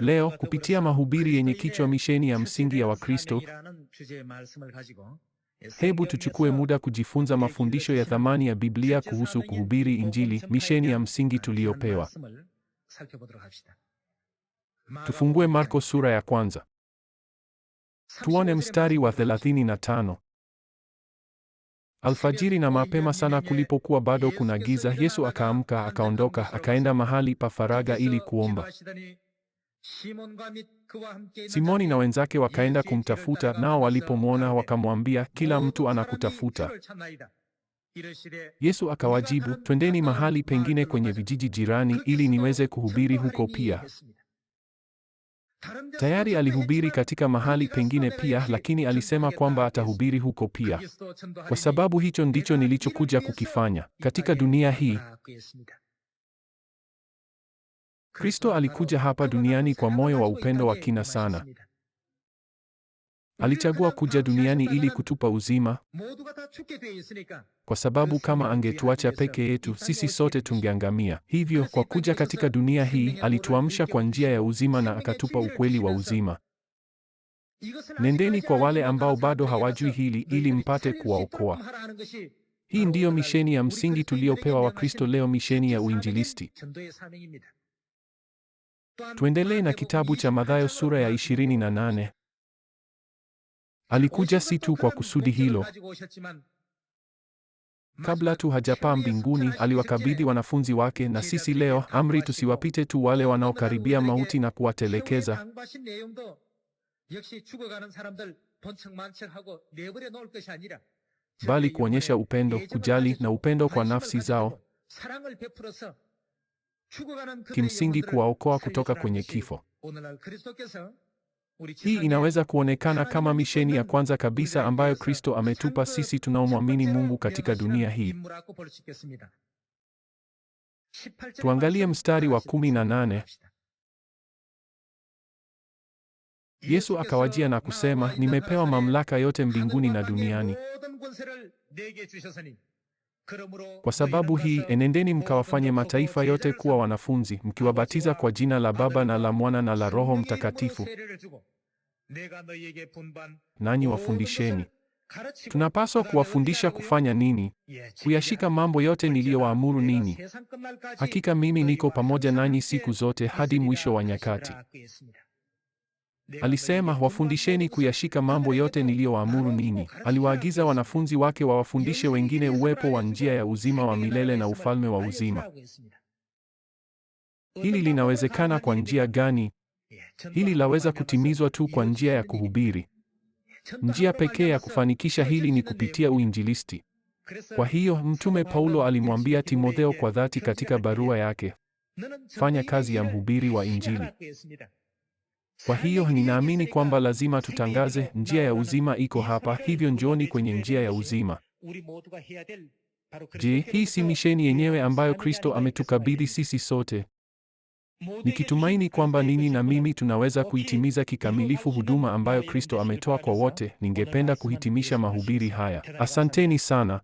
Leo kupitia mahubiri yenye kichwa misheni ya msingi ya Wakristo, hebu tuchukue muda kujifunza mafundisho ya thamani ya Biblia kuhusu kuhubiri Injili, misheni ya msingi tuliyopewa. Tufungue Marko sura ya kwanza, tuone mstari wa 35. Alfajiri na mapema sana, kulipokuwa bado kuna giza, Yesu akaamka, akaondoka, akaenda mahali pa faraga ili kuomba. Simoni na wenzake wakaenda kumtafuta, nao walipomwona wakamwambia, kila mtu anakutafuta. Yesu akawajibu, twendeni mahali pengine kwenye vijiji jirani, ili niweze kuhubiri huko pia. Tayari alihubiri katika mahali pengine pia, lakini alisema kwamba atahubiri huko pia, kwa sababu hicho ndicho nilichokuja kukifanya katika dunia hii. Kristo alikuja hapa duniani kwa moyo wa upendo wa kina sana. Alichagua kuja duniani ili kutupa uzima, kwa sababu kama angetuacha peke yetu, sisi sote tungeangamia. Hivyo kwa kuja katika dunia hii, alituamsha kwa njia ya uzima na akatupa ukweli wa uzima. Nendeni kwa wale ambao bado hawajui hili, ili mpate kuwaokoa. Hii ndiyo misheni ya msingi tuliyopewa Wakristo leo, misheni ya uinjilisti. Tuendelee na kitabu cha Mathayo sura ya 28. Alikuja si tu kwa kusudi hilo. Kabla tu hajapaa mbinguni, aliwakabidhi wanafunzi wake na sisi leo amri tusiwapite tu wale wanaokaribia mauti na kuwatelekeza. Bali kuonyesha upendo, kujali na upendo kwa nafsi zao kimsingi kuwaokoa kutoka kwenye kifo. Hii inaweza kuonekana kama misheni ya kwanza kabisa ambayo Kristo ametupa sisi tunaomwamini Mungu katika dunia hii. Tuangalie mstari wa kumi na nane. Yesu akawajia na kusema, nimepewa mamlaka yote mbinguni na duniani. Kwa sababu hii, enendeni mkawafanye mataifa yote kuwa wanafunzi, mkiwabatiza kwa jina la Baba na la Mwana na la Roho Mtakatifu, nanyi wafundisheni. Tunapaswa kuwafundisha kufanya nini? Kuyashika mambo yote niliyowaamuru nini Hakika mimi niko pamoja nanyi siku zote hadi mwisho wa nyakati. Alisema, wafundisheni kuyashika mambo yote niliyowaamuru ninyi. Aliwaagiza wanafunzi wake wawafundishe wengine uwepo wa njia ya uzima wa milele na ufalme wa uzima. Hili linawezekana kwa njia gani? Hili laweza kutimizwa tu kwa njia ya kuhubiri. Njia pekee ya kufanikisha hili ni kupitia uinjilisti. Kwa hiyo mtume Paulo alimwambia Timotheo kwa dhati katika barua yake, fanya kazi ya mhubiri wa Injili. Kwa hiyo ninaamini kwamba lazima tutangaze njia ya uzima iko hapa, hivyo njoni kwenye njia ya uzima. Je, hii si misheni yenyewe ambayo Kristo ametukabidhi sisi sote? Nikitumaini kwamba nini na mimi tunaweza kuitimiza kikamilifu huduma ambayo Kristo ametoa kwa wote, ningependa kuhitimisha mahubiri haya. Asanteni sana.